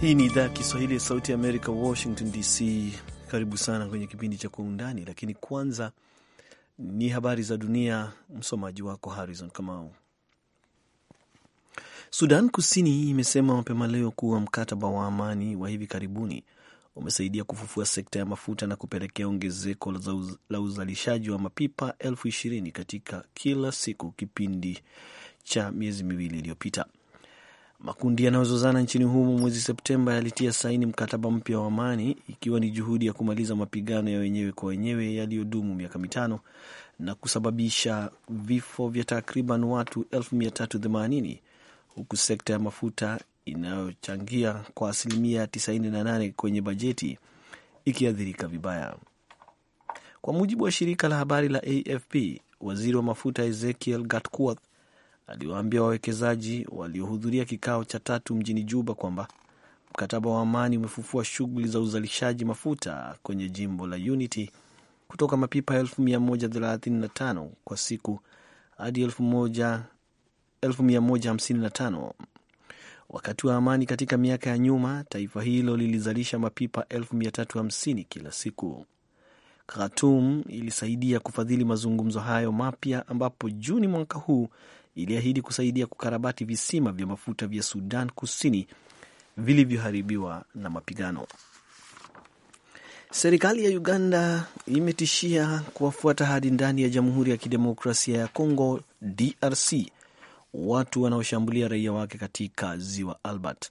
Hii ni idhaa ya Kiswahili ya Sauti ya Amerika, Washington DC. Karibu sana kwenye kipindi cha Kwa Undani, lakini kwanza ni habari za dunia. Msomaji wako Harrison Kamau. Sudan Kusini imesema mapema leo kuwa mkataba wa amani wa hivi karibuni umesaidia kufufua sekta ya mafuta na kupelekea ongezeko la uzalishaji wa mapipa elfu ishirini katika kila siku kipindi cha miezi miwili iliyopita. Makundi yanayozozana nchini humo mwezi Septemba yalitia saini mkataba mpya wa amani, ikiwa ni juhudi ya kumaliza mapigano ya wenyewe kwa wenyewe yaliyodumu miaka mitano na kusababisha vifo vya takriban watu 380,000 huku sekta ya mafuta inayochangia kwa asilimia 98 kwenye bajeti ikiathirika vibaya, kwa mujibu wa shirika la habari la AFP. Waziri wa mafuta Ezekiel Gatkuoth aliwaambia wawekezaji waliohudhuria kikao cha tatu mjini Juba kwamba mkataba wa amani umefufua shughuli za uzalishaji mafuta kwenye jimbo la Unity kutoka mapipa 1135 kwa siku hadi 1155. Wakati wa amani katika miaka ya nyuma, taifa hilo lilizalisha mapipa 1350 kila siku. Khartoum ilisaidia kufadhili mazungumzo hayo mapya, ambapo Juni mwaka huu iliahidi kusaidia kukarabati visima vya mafuta vya Sudan Kusini vilivyoharibiwa na mapigano. Serikali ya Uganda imetishia kuwafuata hadi ndani ya Jamhuri ya Kidemokrasia ya Kongo, DRC, watu wanaoshambulia raia wake katika ziwa Albert.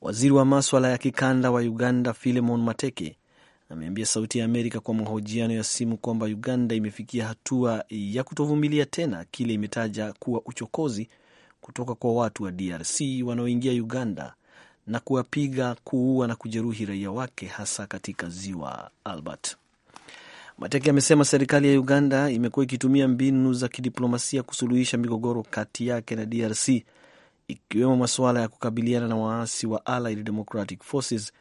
Waziri wa maswala ya kikanda wa Uganda, Filemon Mateke, ameambia Sauti ya Amerika kwa mahojiano ya simu kwamba Uganda imefikia hatua ya kutovumilia tena kile imetaja kuwa uchokozi kutoka kwa watu wa DRC wanaoingia Uganda na kuwapiga, kuua na kujeruhi raia wake hasa katika ziwa Albert. Mateke amesema serikali ya Uganda imekuwa ikitumia mbinu za kidiplomasia kusuluhisha migogoro kati yake na DRC ikiwemo masuala ya kukabiliana na waasi wa Allied Democratic Forces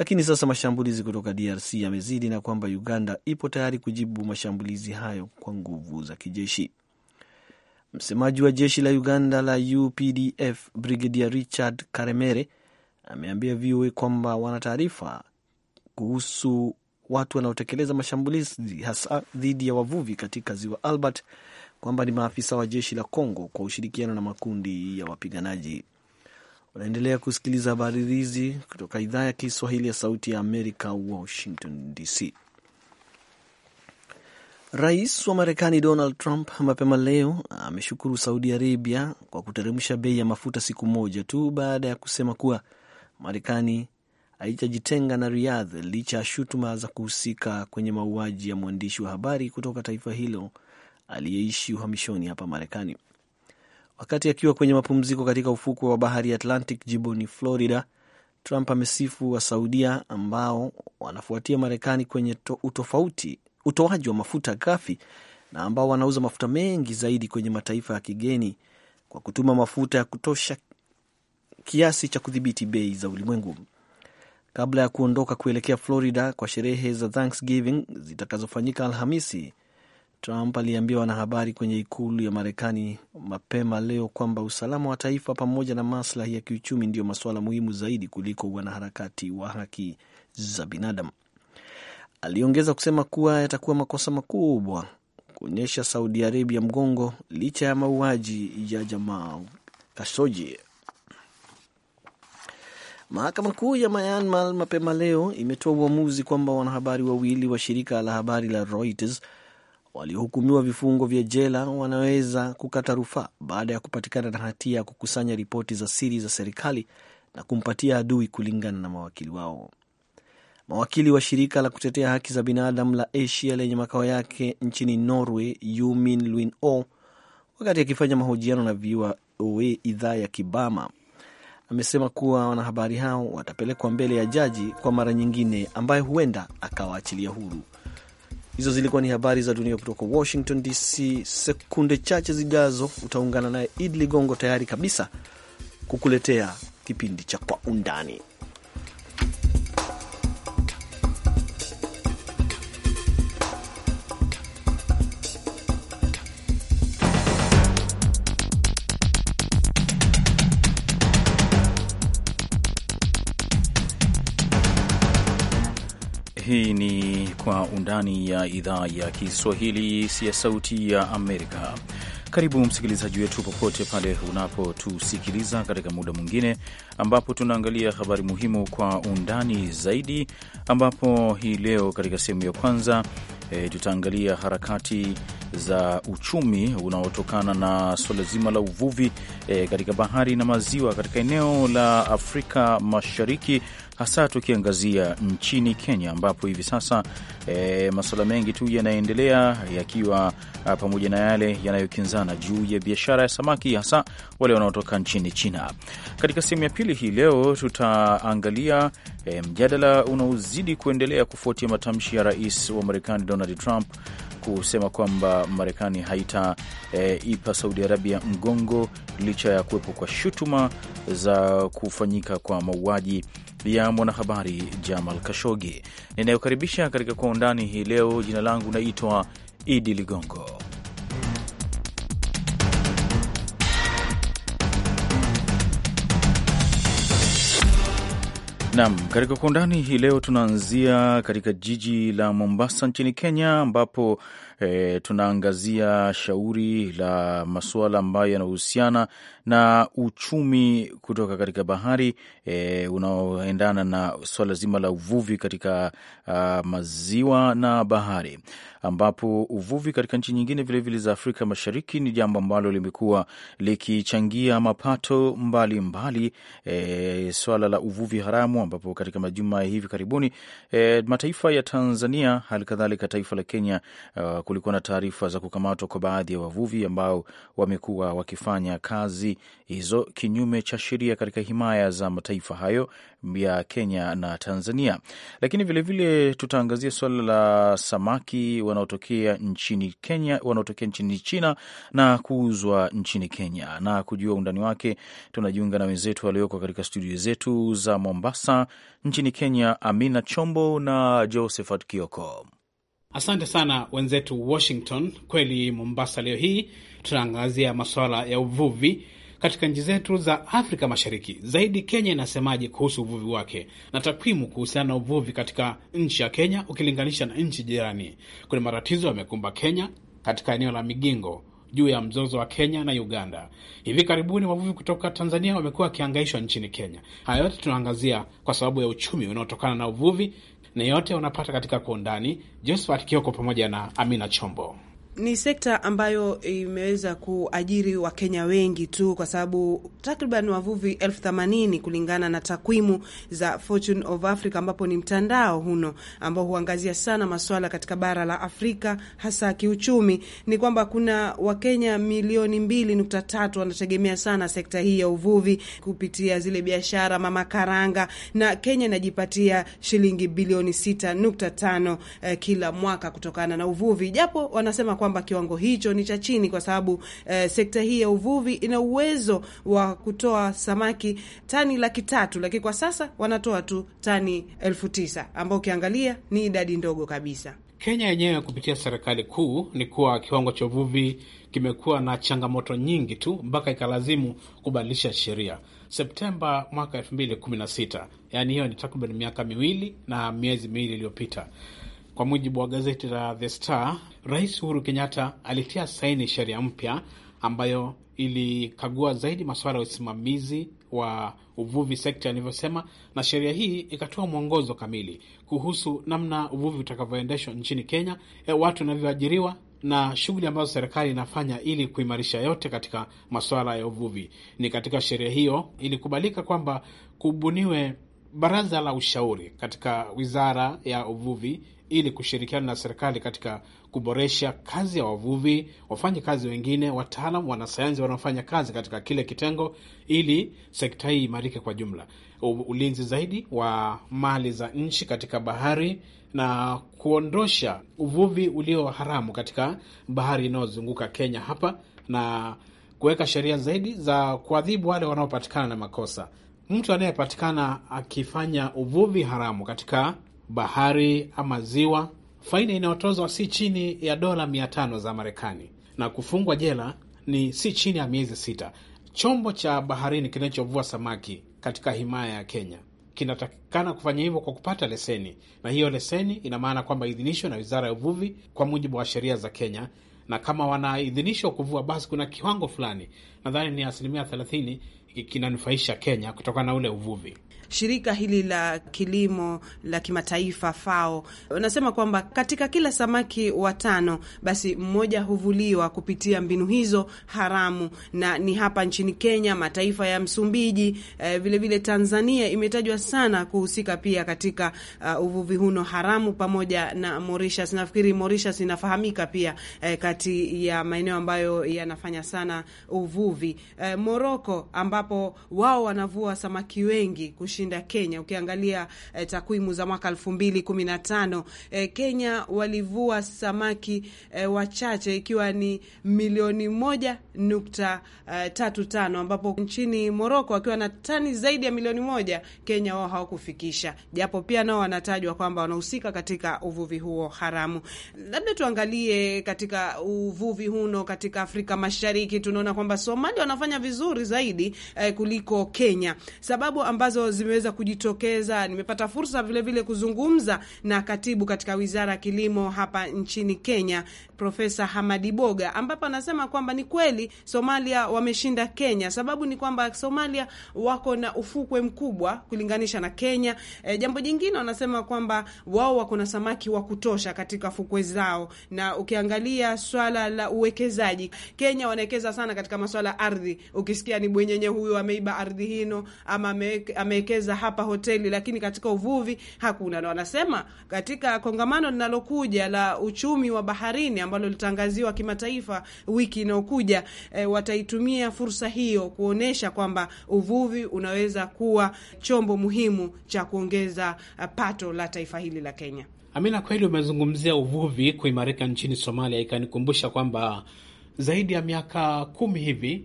lakini sasa mashambulizi kutoka DRC yamezidi na kwamba Uganda ipo tayari kujibu mashambulizi hayo kwa nguvu za kijeshi. Msemaji wa jeshi la Uganda la UPDF Brigedia Richard Karemere ameambia VOA kwamba wana taarifa kuhusu watu wanaotekeleza mashambulizi hasa dhidi ya wavuvi katika ziwa Albert kwamba ni maafisa wa jeshi la Congo kwa ushirikiano na makundi ya wapiganaji. Unaendelea kusikiliza habari hizi kutoka idhaa ya Kiswahili ya Sauti ya Amerika, Washington DC. Rais wa Marekani Donald Trump mapema leo ameshukuru Saudi Arabia kwa kuteremsha bei ya mafuta siku moja tu baada ya kusema kuwa Marekani haijajitenga na Riyadh licha ya shutuma za kuhusika kwenye mauaji ya mwandishi wa habari kutoka taifa hilo aliyeishi uhamishoni hapa Marekani. Wakati akiwa kwenye mapumziko katika ufukwe wa bahari Atlantic jimboni Florida, Trump amesifu wa Saudia ambao wanafuatia Marekani kwenye utofauti, utoaji wa mafuta ghafi na ambao wanauza mafuta mengi zaidi kwenye mataifa ya kigeni kwa kutuma mafuta ya kutosha kiasi cha kudhibiti bei za ulimwengu. Kabla ya kuondoka kuelekea Florida kwa sherehe za Thanksgiving zitakazofanyika Alhamisi, Trump aliambia wanahabari kwenye ikulu ya Marekani mapema leo kwamba usalama wa taifa pamoja na maslahi ya kiuchumi ndiyo masuala muhimu zaidi kuliko wanaharakati wa haki za binadamu. Aliongeza kusema kuwa yatakuwa makosa makubwa kuonyesha Saudi Arabia mgongo licha ya mauaji ya Jamal Khashoggi. Mahakama Kuu ya Myanmar mapema leo imetoa uamuzi kwamba wanahabari wawili wa shirika la habari la Reuters waliohukumiwa vifungo vya jela wanaweza kukata rufaa baada ya kupatikana na hatia ya kukusanya ripoti za siri za serikali na kumpatia adui, kulingana na mawakili wao. Mawakili wa shirika la kutetea haki za binadamu la Asia lenye makao yake nchini Norway, Yumin Lwin O, wakati akifanya mahojiano na VOA idhaa ya Kibama, amesema kuwa wanahabari hao watapelekwa mbele ya jaji kwa mara nyingine, ambaye huenda akawaachilia huru. Hizo zilikuwa ni habari za dunia kutoka Washington DC. Sekunde chache zijazo utaungana naye Id Ligongo, tayari kabisa kukuletea kipindi cha Kwa Undani. undani ya idhaa ya Kiswahili ya Sauti ya Amerika. Karibu msikilizaji wetu popote pale unapotusikiliza katika muda mwingine ambapo tunaangalia habari muhimu kwa undani zaidi, ambapo hii leo katika sehemu ya kwanza e, tutaangalia harakati za uchumi unaotokana na suala zima la uvuvi e, katika bahari na maziwa katika eneo la Afrika Mashariki hasa tukiangazia nchini Kenya ambapo hivi sasa e, masuala mengi tu yanaendelea yakiwa ah, pamoja na yale yanayokinzana juu ya biashara ya samaki hasa wale wanaotoka nchini China. Katika sehemu ya pili hii leo tutaangalia e, mjadala unaozidi kuendelea kufuatia matamshi ya rais wa Marekani Donald Trump kusema kwamba Marekani haitaipa eh, e, Saudi Arabia mgongo licha ya kuwepo kwa shutuma za kufanyika kwa mauaji ya mwanahabari Jamal Kashogi ninayokaribisha katika Kwa Undani hii leo. Jina langu naitwa Idi Ligongo. Nam, katika kwa undani hii leo tunaanzia katika jiji la Mombasa nchini Kenya, ambapo e, tunaangazia shauri la masuala ambayo yanahusiana na uchumi kutoka katika bahari e, unaoendana na swala zima la uvuvi katika uh, maziwa na bahari, ambapo uvuvi katika nchi nyingine vilevile vile za Afrika Mashariki ni jambo ambalo limekuwa likichangia mapato mbalimbali mbali. E, swala la uvuvi haramu ambapo katika majuma hivi karibuni e, mataifa ya Tanzania hali kadhalika taifa la Kenya uh, kulikuwa na taarifa za kukamatwa kwa baadhi ya wavuvi ambao wamekuwa wakifanya kazi hizo kinyume cha sheria katika himaya za mataifa hayo ya Kenya na Tanzania. Lakini vilevile tutaangazia suala la samaki wanaotokea nchini Kenya, wanaotokea nchini China na kuuzwa nchini Kenya. Na kujua undani wake, tunajiunga na wenzetu walioko katika studio zetu za Mombasa nchini Kenya, Amina Chombo na Josephat Kioko. Asante sana wenzetu Washington. Kweli Mombasa leo hii tunaangazia masuala ya uvuvi katika nchi zetu za Afrika Mashariki. Zaidi Kenya inasemaje kuhusu uvuvi wake na takwimu kuhusiana na uvuvi katika nchi ya Kenya ukilinganisha na nchi jirani? Kuna matatizo yamekumba Kenya katika eneo la Migingo juu ya mzozo wa Kenya na Uganda. Hivi karibuni wavuvi kutoka Tanzania wamekuwa wakiangaishwa nchini Kenya. Haya yote tunaangazia kwa sababu ya uchumi unaotokana na uvuvi, na yote wanapata katika kwa undani. Josephat Kioko pamoja na Amina Chombo ni sekta ambayo imeweza kuajiri Wakenya wengi tu, kwa sababu takriban wavuvi elfu themanini kulingana na takwimu za Fortune of Africa, ambapo ni mtandao huno ambao huangazia sana maswala katika bara la Afrika hasa kiuchumi. Ni kwamba kuna Wakenya milioni mbili nukta tatu wanategemea sana sekta hii ya uvuvi kupitia zile biashara mama karanga, na Kenya inajipatia shilingi bilioni sita nukta tano eh, kila mwaka kutokana na uvuvi, japo wanasema kwamba kiwango hicho ni cha chini, kwa sababu eh, sekta hii ya uvuvi ina uwezo wa kutoa samaki tani laki tatu, lakini kwa sasa wanatoa tu tani elfu tisa ambao ukiangalia ni idadi ndogo kabisa. Kenya yenyewe kupitia serikali kuu ni kuwa kiwango cha uvuvi kimekuwa na changamoto nyingi tu mpaka ikalazimu kubadilisha sheria Septemba mwaka elfu mbili kumi na sita. Yaani hiyo ni takriban miaka miwili na miezi miwili iliyopita. Kwa mujibu wa gazeti la The Star, Rais Uhuru Kenyatta alitia saini sheria mpya ambayo ilikagua zaidi masuala ya usimamizi wa uvuvi sekta yalivyosema, na sheria hii ikatoa mwongozo kamili kuhusu namna uvuvi utakavyoendeshwa nchini Kenya, eh, watu wanavyoajiriwa na shughuli ambazo serikali inafanya ili kuimarisha yote katika masuala ya uvuvi. Ni katika sheria hiyo ilikubalika kwamba kubuniwe baraza la ushauri katika wizara ya uvuvi ili kushirikiana na serikali katika kuboresha kazi ya wavuvi, wafanya kazi wengine, wataalam, wanasayansi wanaofanya kazi katika kile kitengo, ili sekta hii imarike kwa jumla, ulinzi zaidi wa mali za nchi katika bahari na kuondosha uvuvi ulio haramu katika bahari inayozunguka Kenya hapa na kuweka sheria zaidi za kuadhibu wale wanaopatikana na makosa mtu anayepatikana akifanya uvuvi haramu katika bahari ama ziwa, faini inayotozwa si chini ya dola mia tano za Marekani na kufungwa jela ni si chini ya miezi sita. Chombo cha baharini kinachovua samaki katika himaya ya Kenya kinatakikana kufanya hivyo kwa kupata leseni, na hiyo leseni ina maana kwamba idhinishwe na Wizara ya Uvuvi kwa mujibu wa sheria za Kenya. Na kama wanaidhinishwa kuvua, basi kuna kiwango fulani, nadhani ni asilimia thelathini kinanufaisha Kenya kutokana na ule uvuvi? shirika hili la kilimo la kimataifa FAO wanasema kwamba katika kila samaki watano basi mmoja huvuliwa kupitia mbinu hizo haramu, na ni hapa nchini Kenya, mataifa ya Msumbiji vilevile eh, vile Tanzania imetajwa sana kuhusika pia katika uh, uvuvi huno haramu pamoja na Mauritius. Nafikiri Mauritius inafahamika pia eh, kati ya maeneo ambayo yanafanya sana uvuvi eh, Moroko ambapo wao wanavua samaki wengi kushiriki kushinda Kenya. Ukiangalia eh, takwimu za mwaka elfu mbili kumi na tano eh, Kenya walivua samaki eh, wachache ikiwa ni milioni moja nukta eh, tatu tano ambapo nchini Moroko wakiwa na tani zaidi ya milioni moja Kenya wao hawakufikisha, japo pia nao wanatajwa kwamba wanahusika katika uvuvi huo haramu. Labda tuangalie katika uvuvi huno katika Afrika Mashariki, tunaona kwamba Somalia wanafanya vizuri zaidi eh, kuliko Kenya, sababu ambazo zime ameweza kujitokeza. Nimepata fursa vilevile vile kuzungumza na katibu katika wizara ya kilimo hapa nchini Kenya, Profesa Hamadi Boga, ambapo anasema kwamba ni kweli Somalia wameshinda Kenya. Sababu ni kwamba Somalia wako na ufukwe mkubwa kulinganisha na Kenya. E, jambo jingine wanasema kwamba wao wako na samaki wa kutosha katika fukwe zao, na ukiangalia swala la uwekezaji, Kenya wanawekeza sana katika maswala ya ardhi. Ukisikia ni bwenyenye huyu ameiba ardhi hino ama amewekeza kuwekeza hapa hoteli, lakini katika uvuvi hakuna. Na wanasema katika kongamano linalokuja la uchumi wa baharini ambalo litangaziwa kimataifa wiki inayokuja, e, wataitumia fursa hiyo kuonyesha kwamba uvuvi unaweza kuwa chombo muhimu cha kuongeza eh, pato la taifa hili la Kenya. Amina, kweli umezungumzia uvuvi kuimarika nchini Somalia, ikanikumbusha kwamba zaidi ya miaka kumi hivi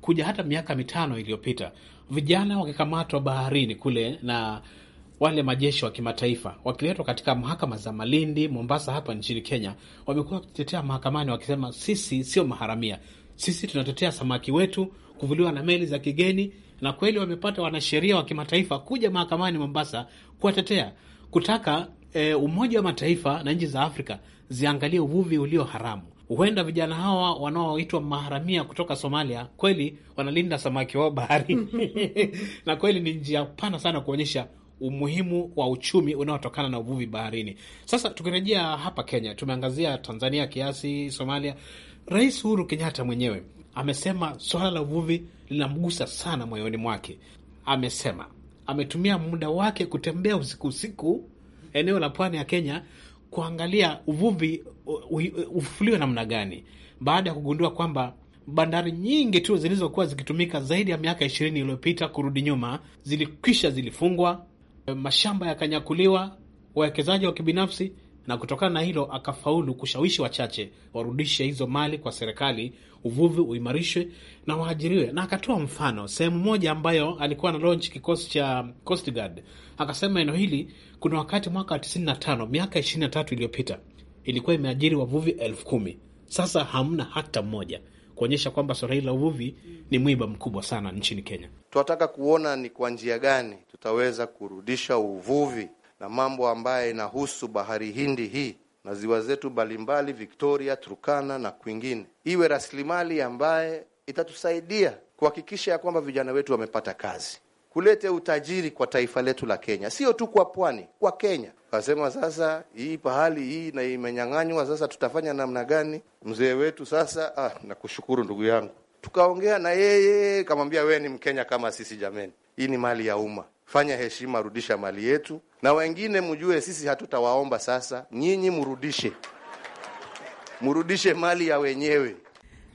kuja hata miaka mitano iliyopita vijana wakikamatwa baharini kule na wale majeshi wa kimataifa wakiletwa katika mahakama za Malindi, Mombasa hapa nchini Kenya, wamekuwa wakitetea mahakamani wakisema, sisi sio maharamia, sisi tunatetea samaki wetu kuvuliwa na meli za kigeni. Na kweli wamepata wanasheria wa kimataifa kuja mahakamani Mombasa kuwatetea kutaka e, Umoja wa Mataifa na nchi za Afrika ziangalie uvuvi ulio haramu huenda vijana hawa wanaoitwa maharamia kutoka Somalia kweli wanalinda samaki wao baharini na kweli ni njia pana sana kuonyesha umuhimu wa uchumi unaotokana na uvuvi baharini. Sasa tukirejea hapa Kenya, tumeangazia Tanzania kiasi, Somalia. Rais Uhuru Kenyatta mwenyewe amesema swala la uvuvi linamgusa sana moyoni mwake. Amesema ametumia muda wake kutembea usiku usiku eneo la pwani ya Kenya kuangalia uvuvi ufufuliwe namna gani, baada ya kugundua kwamba bandari nyingi tu zilizokuwa zikitumika zaidi ya miaka ishirini iliyopita kurudi nyuma zilikwisha, zilifungwa, mashamba yakanyakuliwa, wawekezaji wa kibinafsi na kutokana na hilo akafaulu kushawishi wachache warudishe hizo mali kwa serikali, uvuvi uimarishwe na waajiriwe. Na akatoa mfano sehemu moja ambayo alikuwa na launch kikosi cha Coast Guard, akasema eneo hili kuna wakati mwaka 95 miaka 23 iliyopita ilikuwa imeajiri wavuvi elfu kumi. Sasa hamna hata mmoja, kuonyesha kwamba swala hili la uvuvi ni mwiba mkubwa sana nchini Kenya. Tunataka kuona ni kwa njia gani tutaweza kurudisha uvuvi na mambo ambayo inahusu bahari Hindi hii na ziwa zetu mbalimbali, Victoria, Turkana na kwingine, iwe rasilimali ambaye itatusaidia kuhakikisha ya kwamba vijana wetu wamepata kazi, kulete utajiri kwa taifa letu la Kenya, sio tu kwa pwani, kwa Kenya. Kasema sasa hii pahali hii na imenyang'anywa, sasa tutafanya namna gani? Mzee wetu sasa, ah, nakushukuru ndugu yangu, tukaongea na yeye, kamwambia wewe ni Mkenya kama sisi, jameni, hii ni mali ya umma, fanya heshima, rudisha mali yetu. Na wengine mjue, sisi hatutawaomba sasa, nyinyi mrudishe, mrudishe mali ya wenyewe.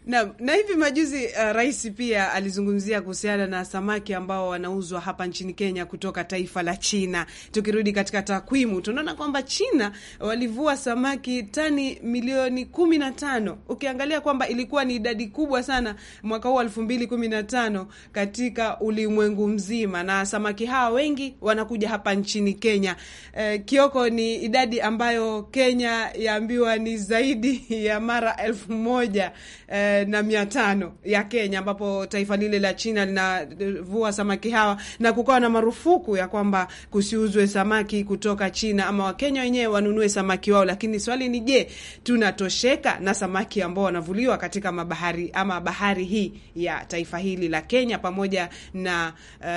Na, na hivi majuzi uh, rais pia alizungumzia kuhusiana na samaki ambao wanauzwa hapa nchini Kenya kutoka taifa la China. Tukirudi katika takwimu, tunaona kwamba China walivua samaki tani milioni kumi na tano, ukiangalia kwamba ilikuwa ni idadi kubwa sana mwaka huu elfu mbili kumi na tano katika ulimwengu mzima, na samaki hawa wengi wanakuja hapa nchini Kenya. Eh, Kioko, ni idadi ambayo Kenya yaambiwa ni zaidi ya mara elfu moja eh, Eh, na mia tano ya Kenya, ambapo taifa lile la China linavua samaki hawa, na kukawa na marufuku ya kwamba kusiuzwe samaki kutoka China ama Wakenya wenyewe wanunue samaki wao. Lakini swali ni je, tunatosheka na samaki ambao wanavuliwa katika mabahari ama bahari hii ya taifa hili la Kenya? Pamoja na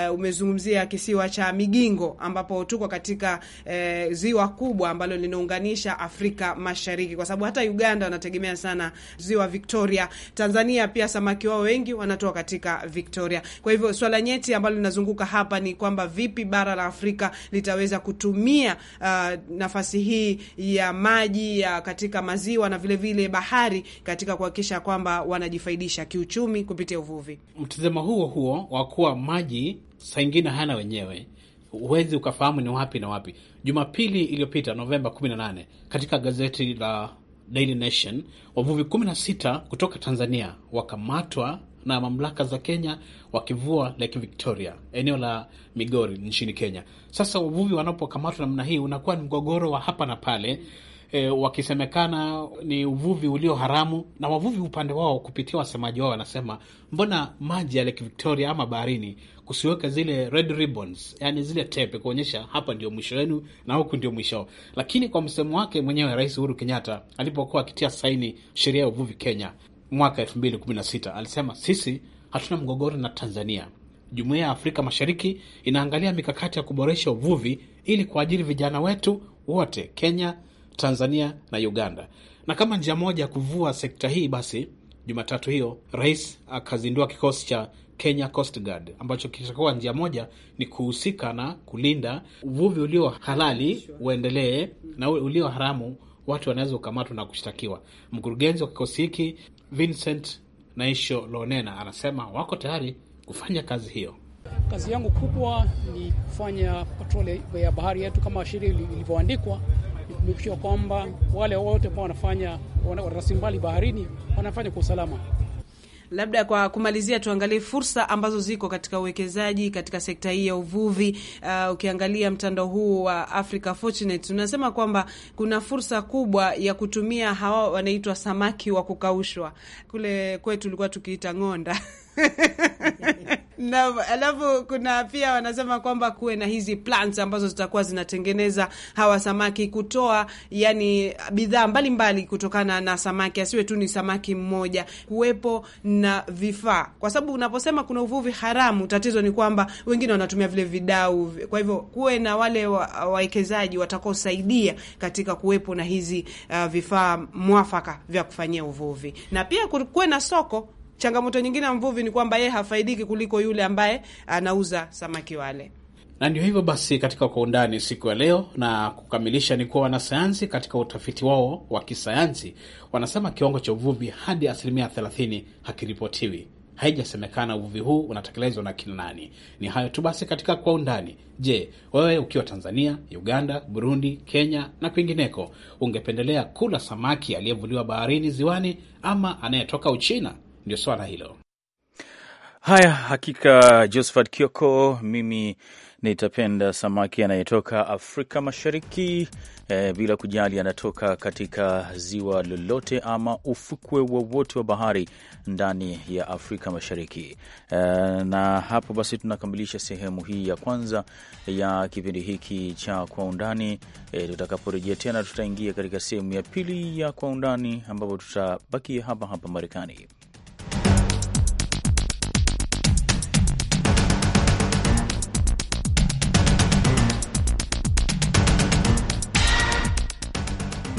uh, umezungumzia kisiwa cha Migingo ambapo tuko katika uh, ziwa kubwa ambalo linaunganisha Afrika Mashariki, kwa sababu hata Uganda wanategemea sana ziwa Victoria Tanzania pia samaki wao wengi wanatoka katika Victoria. Kwa hivyo swala nyeti ambalo linazunguka hapa ni kwamba vipi bara la Afrika litaweza kutumia uh, nafasi hii ya maji ya katika maziwa na vilevile vile bahari katika kuhakikisha kwamba wanajifaidisha kiuchumi kupitia uvuvi. Mtazamo huo huo wa kuwa maji saa ingine wenyewe huwezi ukafahamu ni wapi na wapi. Jumapili iliyopita Novemba 18 katika gazeti la Daily Nation, wavuvi 16 kutoka Tanzania wakamatwa na mamlaka za Kenya wakivua Lake Victoria, eneo la Migori nchini Kenya. Sasa wavuvi wanapokamatwa namna hii, unakuwa ni mgogoro wa hapa na pale, e, wakisemekana ni uvuvi ulio haramu. Na wavuvi upande wao kupitia wasemaji wao wanasema mbona maji ya Lake Victoria ama baharini kusiweka zile red ribbons, yani zile tepe kuonyesha hapa ndio mwisho wenu na huku ndio mwisho. Lakini kwa msemo wake mwenyewe Rais Uhuru Kenyatta alipokuwa akitia saini sheria ya uvuvi Kenya mwaka sita alisema sisi hatuna mgogoro na Tanzania. Jumuiya ya Afrika Mashariki inaangalia mikakati ya kuboresha uvuvi ili kuajiri vijana wetu wote Kenya, Tanzania na Uganda. Na kama njia moja ya kuvua sekta hii, basi Jumatatu hiyo rais akazindua kikosi cha Kenya Coast Guard ambacho kitakuwa njia moja ni kuhusika na kulinda uvuvi ulio halali uendelee na ulio haramu, watu wanaweza kukamatwa na kushtakiwa. Mkurugenzi wa kikosi hiki Vincent Naisho Lonena anasema wako tayari kufanya kazi hiyo. Kazi yangu kubwa ni kufanya patroli ya bahari yetu kama sheria ilivyoandikwa, kuhakikisha kwamba wale wote ambao wanafanya rasilimali baharini wanafanya kwa usalama. Labda kwa kumalizia, tuangalie fursa ambazo ziko katika uwekezaji katika sekta hii ya uvuvi. Uh, ukiangalia mtandao huu wa Africa Fortunate unasema kwamba kuna fursa kubwa ya kutumia hawa wanaitwa samaki wa kukaushwa. Kule kwetu tulikuwa tukiita ng'onda na alafu kuna pia wanasema kwamba kuwe na hizi plants ambazo zitakuwa zinatengeneza hawa samaki kutoa yani bidhaa mbalimbali kutokana na samaki, asiwe tu ni samaki mmoja, kuwepo na vifaa, kwa sababu unaposema kuna uvuvi haramu, tatizo ni kwamba wengine wanatumia vile vidau. Kwa hivyo kuwe na wale wawekezaji watakaosaidia katika kuwepo na hizi uh, vifaa mwafaka vya kufanyia uvuvi, na pia kuwe na soko Changamoto nyingine ya mvuvi ni kwamba yeye hafaidiki kuliko yule ambaye anauza samaki wale. Na ndio hivyo basi, katika kwa undani siku ya leo na kukamilisha, ni kuwa wanasayansi katika utafiti wao wa kisayansi wanasema kiwango cha uvuvi hadi asilimia 30 hakiripotiwi. Haijasemekana uvuvi huu unatekelezwa na kina nani. Ni hayo tu basi katika kwa undani. Je, wewe ukiwa Tanzania, Uganda, Burundi, Kenya na kwingineko, ungependelea kula samaki aliyevuliwa baharini, ziwani, ama anayetoka Uchina? ndio swala hilo. Haya, hakika Josephat Kioko, mimi nitapenda samaki anayetoka Afrika Mashariki e, bila kujali anatoka katika ziwa lolote ama ufukwe wowote wa, wa bahari ndani ya Afrika Mashariki. E, na hapo basi tunakamilisha sehemu hii ya kwanza ya kipindi hiki cha Kwa Undani. E, tutakaporejea tena tutaingia katika sehemu ya pili ya Kwa Undani ambapo tutabakia hapa hapa Marekani.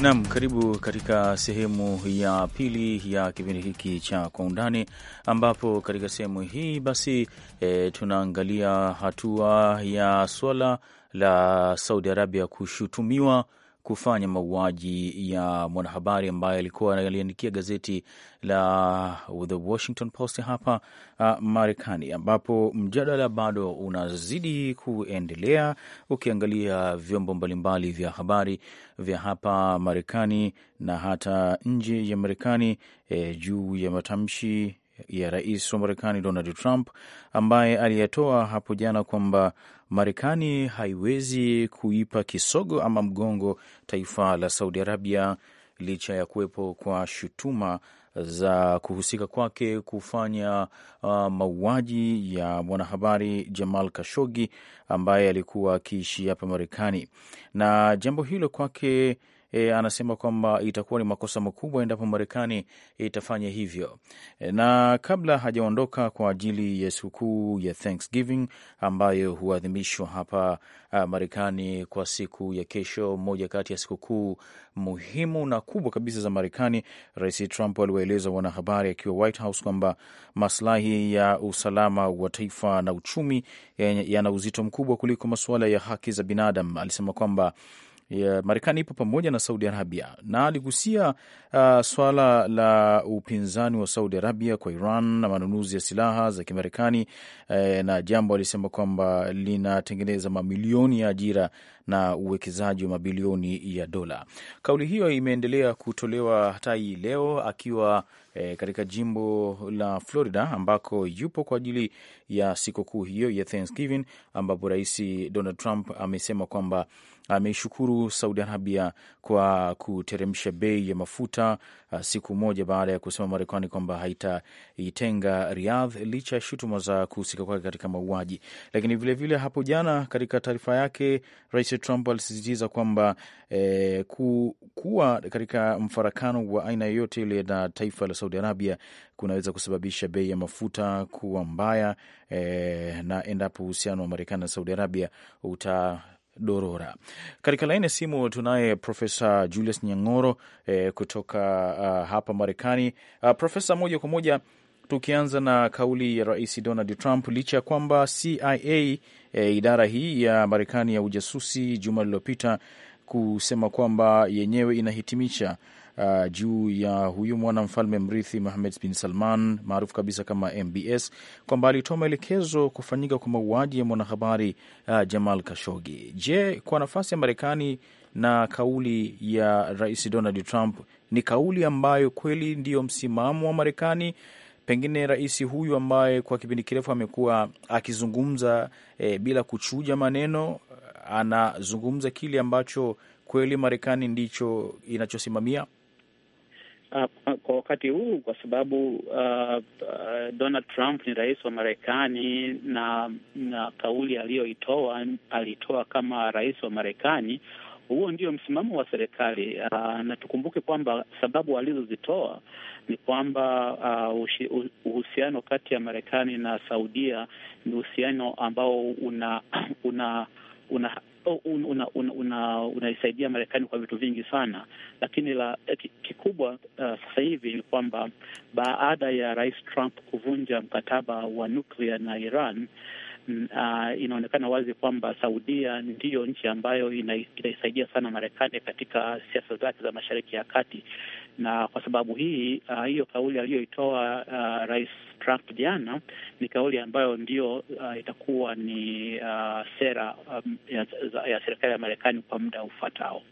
Nam, karibu katika sehemu ya pili ya kipindi hiki cha Kwa Undani, ambapo katika sehemu hii basi e, tunaangalia hatua ya swala la Saudi Arabia kushutumiwa kufanya mauaji ya mwanahabari ambaye alikuwa aliandikia gazeti la The Washington Post hapa uh, Marekani, ambapo mjadala bado unazidi kuendelea. Ukiangalia vyombo mbalimbali vya habari vya hapa Marekani na hata nje ya Marekani eh, juu ya matamshi ya rais wa Marekani Donald Trump ambaye aliyatoa hapo jana kwamba Marekani haiwezi kuipa kisogo ama mgongo taifa la Saudi Arabia licha ya kuwepo kwa shutuma za kuhusika kwake kufanya uh, mauaji ya mwanahabari Jamal Kashogi ambaye alikuwa akiishi hapa Marekani na jambo hilo kwake e, anasema kwamba itakuwa ni makosa makubwa endapo Marekani itafanya hivyo. E, na kabla hajaondoka kwa ajili ya sikukuu ya Thanksgiving ambayo huadhimishwa hapa Marekani kwa siku ya kesho, moja kati ya sikukuu muhimu na kubwa kabisa za Marekani, Rais Trump aliwaeleza wanahabari akiwa White House kwamba maslahi ya usalama wa taifa na uchumi e, yana uzito mkubwa kuliko masuala ya haki za binadamu. Alisema kwamba ya Marekani ipo pamoja na Saudi Arabia, na aligusia uh, swala la upinzani wa Saudi Arabia kwa Iran na manunuzi ya silaha za Kimarekani eh, na jambo alisema kwamba linatengeneza mamilioni ya ajira na uwekezaji wa mabilioni ya dola. Kauli hiyo imeendelea kutolewa hata hii leo akiwa E, katika jimbo la Florida ambako yupo kwa ajili ya sikukuu hiyo ya Thanksgiving ambapo Rais Donald Trump amesema kwamba ameishukuru Saudi Arabia kwa kuteremsha bei ya mafuta uh, siku moja baada ya kusema Marekani kwamba haitaitenga Riyadh licha ya shutuma za kuhusika kwake katika mauaji. Lakini vilevile vile hapo jana katika taarifa yake, Rais Trump alisisitiza kwamba e, ku, kuwa katika mfarakano wa aina yoyote ile na taifa la Saudi Arabia kunaweza kusababisha bei ya mafuta kuwa mbaya e, na endapo uhusiano wa Marekani na Saudi Arabia uta dorora. Katika laini ya simu tunaye Profesa Julius Nyang'oro eh, kutoka uh, hapa Marekani. Uh, profesa, moja kwa moja tukianza na kauli ya Rais Donald Trump, licha ya kwamba CIA eh, idara hii ya Marekani ya ujasusi juma lililopita kusema kwamba yenyewe inahitimisha uh, juu ya huyu mwanamfalme mrithi Mohamed bin Salman maarufu kabisa kama MBS kwamba alitoa maelekezo kufanyika kwa mauaji ya mwanahabari uh, Jamal kashogi Je, kwa nafasi ya Marekani na kauli ya Rais Donald Trump ni kauli ambayo kweli ndiyo msimamo wa Marekani? Pengine rais huyu ambaye kwa kipindi kirefu amekuwa akizungumza e, bila kuchuja maneno, anazungumza kile ambacho kweli Marekani ndicho inachosimamia. Ah, ah, kwa wakati huu kwa sababu uh, uh, Donald Trump ni rais wa Marekani na na kauli aliyoitoa alitoa kama rais wa Marekani. Huo ndio msimamo wa serikali uh, na tukumbuke kwamba sababu alizozitoa ni kwamba uh, uhusiano kati ya Marekani na Saudia ni uhusiano ambao una una una unaisaidia una, una, una Marekani kwa vitu vingi sana, lakini la eh, kikubwa uh, sasa hivi ni kwamba baada ya Rais Trump kuvunja mkataba wa nuklia na Iran Uh, inaonekana wazi kwamba Saudia ndiyo nchi ambayo inaisaidia sana Marekani katika siasa zake za Mashariki ya Kati na kwa sababu hii uh, hiyo kauli aliyoitoa uh, Rais Trump jana ni kauli ambayo ndio uh, itakuwa ni uh, sera um, ya, ya serikali ya Marekani kwa muda ufuatao.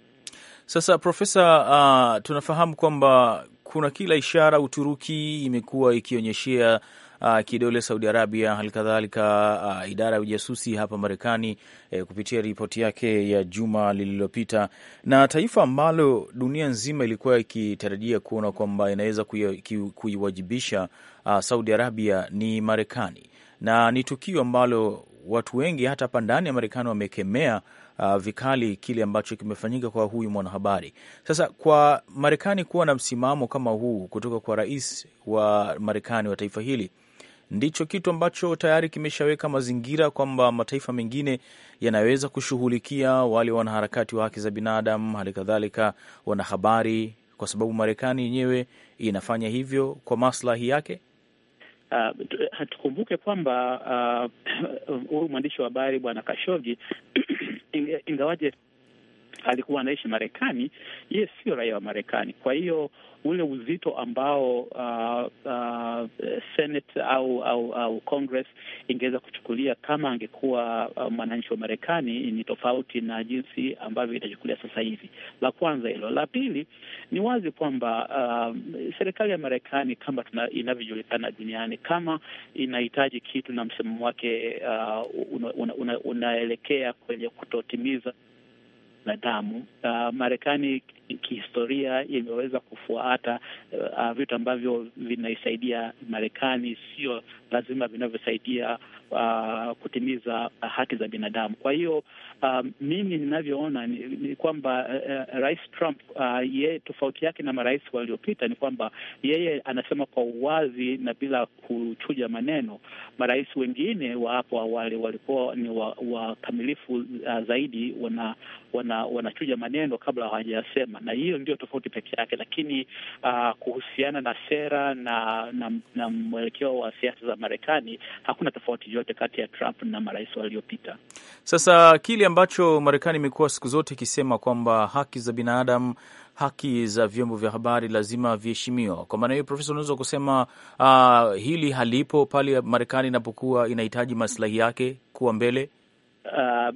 Sasa Profesa, uh, tunafahamu kwamba kuna kila ishara Uturuki imekuwa ikionyeshea uh, kidole Saudi Arabia, halikadhalika uh, ah, idara ya ujasusi hapa Marekani eh, kupitia ripoti yake ya juma lililopita, na taifa ambalo dunia nzima ilikuwa ikitarajia kuona kwamba inaweza kuiwajibisha uh, Saudi Arabia ni Marekani, na ni tukio ambalo watu wengi hata hapa ndani ya Marekani wamekemea Uh, vikali kile ambacho kimefanyika kwa huyu mwanahabari. Sasa kwa Marekani kuwa na msimamo kama huu kutoka kwa rais wa Marekani wa taifa hili ndicho kitu ambacho tayari kimeshaweka mazingira kwamba mataifa mengine yanaweza kushughulikia wale wanaharakati wa haki za binadamu, hali kadhalika wanahabari, kwa sababu Marekani yenyewe inafanya hivyo kwa maslahi yake. Uh, tukumbuke kwamba uh, huyu uh, mwandishi wa habari bwana Kashoji ingawaje alikuwa anaishi Marekani, yeye sio raia wa Marekani. Kwa hiyo ule uzito ambao uh, uh, Senate au au au Congress ingeweza kuchukulia kama angekuwa uh, mwananchi wa Marekani ni tofauti na jinsi ambavyo itachukulia sasa hivi. La kwanza hilo. La pili ni wazi kwamba uh, serikali ya Marekani kama inavyojulikana duniani, kama inahitaji kitu na msimamo wake uh, unaelekea una, una kwenye kutotimiza na damu. Uh, Marekani kihistoria imeweza kufuata uh, vitu ambavyo vinaisaidia Marekani, sio lazima vinavyosaidia uh, kutimiza uh, haki za binadamu. Kwa hiyo uh, mimi ninavyoona ni, ni kwamba uh, uh Rais Trump uh, yeye tofauti yake na marais waliopita ni kwamba yeye anasema kwa uwazi na bila kuchuja maneno. Marais wengine wa hapo awali walikuwa ni wakamilifu wa uh, zaidi, wana wanachuja wana maneno kabla hawajasema, na hiyo ndio tofauti peke yake, lakini uh, kuhusiana na sera na, na, na mwelekeo wa siasa za Marekani hakuna tofauti yoyote kati ya Trump na marais waliopita. Sasa kile ambacho Marekani imekuwa siku zote ikisema kwamba haki za binadamu, haki za vyombo vya habari lazima viheshimiwa. Kwa maana hiyo, Profesa, unaweza kusema uh, hili halipo pale Marekani inapokuwa inahitaji maslahi yake kuwa mbele. Uh,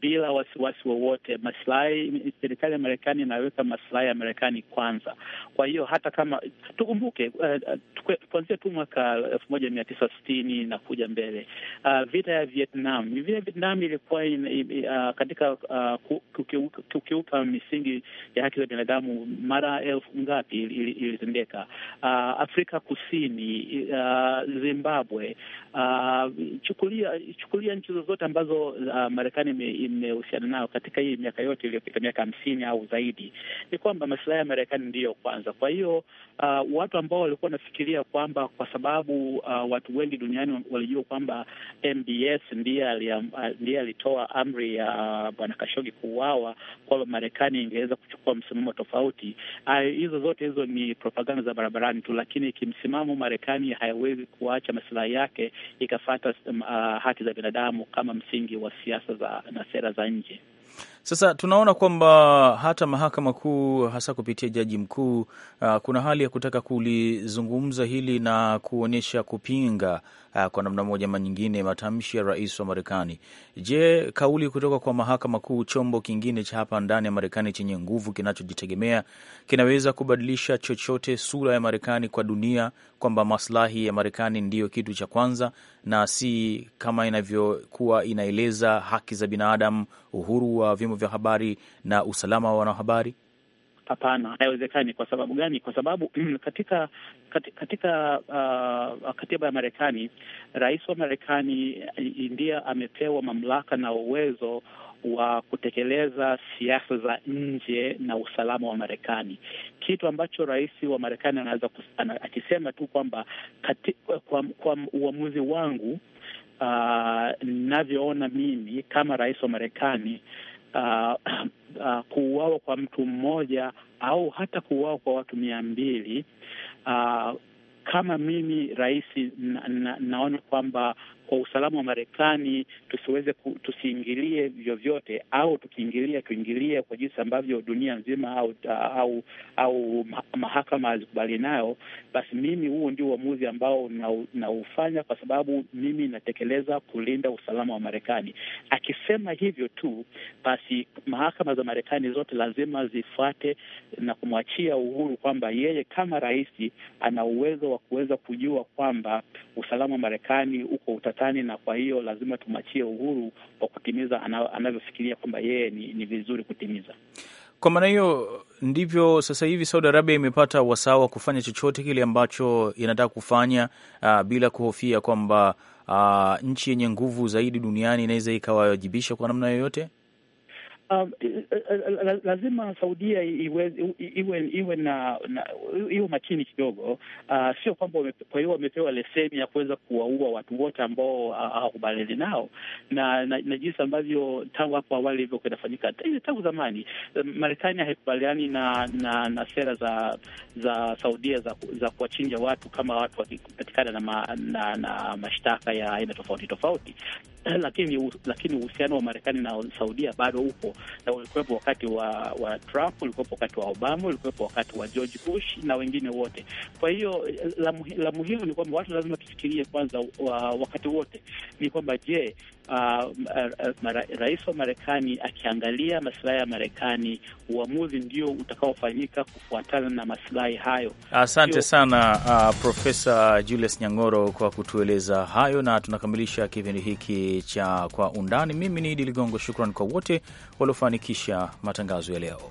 bila wasiwasi wowote. Maslahi, serikali ya Marekani inaweka maslahi ya Marekani kwanza. Kwa hiyo hata kama tukumbuke, uh, kuanzia tu mwaka elfu moja mia tisa sitini na kuja mbele, uh, vita ya Vietnam, vita ya Vietnam ilikuwa in, uh, katika uh, kukiuka misingi ya haki za binadamu mara elfu ngapi ilitendeka ili, ili uh, Afrika Kusini, uh, Zimbabwe, uh, chukulia, chukulia nchi zozote ambazo uh, Marekani imehusiana nayo nao katika hii miaka yote iliyopita, miaka hamsini au zaidi, ni kwamba masilahi ya Marekani ndiyo kwanza. Kwa hiyo uh, watu ambao walikuwa wanafikiria kwamba kwa sababu uh, watu wengi duniani walijua kwamba MBS uh, ndiye alitoa amri ya uh, bwana Kashogi kuuawa, kwamba Marekani ingeweza kuchukua msimamo tofauti. Uh, hizo uh, zote hizo ni propaganda za barabarani tu, lakini kimsimamo Marekani hayawezi kuacha masilahi yake ikafata uh, haki za binadamu kama msingi wa siasa za na sera za nje. Sasa tunaona kwamba hata mahakama kuu hasa kupitia jaji mkuu uh, kuna hali ya kutaka kulizungumza hili na kuonyesha kupinga uh, kwa namna moja ama nyingine matamshi ya rais wa Marekani. Je, kauli kutoka kwa mahakama kuu, chombo kingine cha hapa ndani ya Marekani chenye nguvu kinachojitegemea, kinaweza kubadilisha chochote sura ya Marekani kwa dunia, kwamba maslahi ya Marekani ndiyo kitu cha kwanza na si kama inavyokuwa inaeleza haki za binadamu, uhuru wa vyombo vyombo vya habari na usalama wa wanahabari? Hapana, haiwezekani. Kwa sababu gani? Kwa sababu katika katika uh, uh, katiba ya Marekani, rais wa Marekani eh, ndiye amepewa mamlaka na uwezo wa kutekeleza siasa za nje na usalama wa Marekani, kitu ambacho rais wa Marekani anaweza akisema tu kwamba kwa, kwa uamuzi wangu uh, ninavyoona mimi kama rais wa Marekani uh, uh, kuuawa kwa mtu mmoja au hata kuuawa kwa watu mia mbili uh, kama mimi rais na, na, naona kwamba kwa usalama wa Marekani tusiweze ku, tusiingilie vyovyote, au tukiingilia tuingilie kwa jinsi ambavyo dunia nzima au au, au mahakama hazikubali nayo, basi mimi huo ndio uamuzi ambao naufanya, kwa sababu mimi natekeleza kulinda usalama wa Marekani. Akisema hivyo tu, basi mahakama za Marekani zote lazima zifuate na kumwachia uhuru kwamba yeye kama rais ana uwezo wa kuweza kujua kwamba usalama wa Marekani uko utata Marekani, na kwa hiyo lazima tumwachie uhuru wa kutimiza anavyofikiria kwamba yeye ni, ni vizuri kutimiza. Kwa maana hiyo ndivyo sasa hivi Saudi Arabia imepata wasaa wa kufanya chochote kile ambacho inataka kufanya, uh, bila kuhofia kwamba uh, nchi yenye nguvu zaidi duniani inaweza ikawawajibisha kwa namna yoyote. Um, lazima Saudia iwe, iwe, iwe na, na iwe makini kidogo. Uh, sio kwamba kwa hiyo wamepewa leseni ya kuweza kuwaua watu wote ambao hawakubalini uh, nao na, na, na jinsi ambavyo tangu hapo awali hivyo inafanyika tangu zamani. Um, Marekani haikubaliani na, na na sera za za Saudia za, za kuwachinja watu kama watu wakipatikana na, ma, na, na mashtaka ya aina tofauti tofauti. lakini lakini uhusiano wa Marekani na Saudia bado upo na ulikuwepo wakati wa, wa Trump, ulikuwepo wakati wa Obama, ulikuwepo wakati wa George Bush na wengine wote. Kwa hiyo la, la muhimu ni kwamba watu lazima tufikirie kwanza wa, wakati wote ni kwamba je, Uh, rais wa Marekani akiangalia masilahi ya Marekani, uamuzi ndio utakaofanyika kufuatana na masilahi hayo. Asante Yo, sana uh, Profesa Julius Nyang'oro kwa kutueleza hayo, na tunakamilisha kipindi hiki cha Kwa Undani. Mimi ni Idi Ligongo, shukran kwa wote waliofanikisha matangazo ya leo.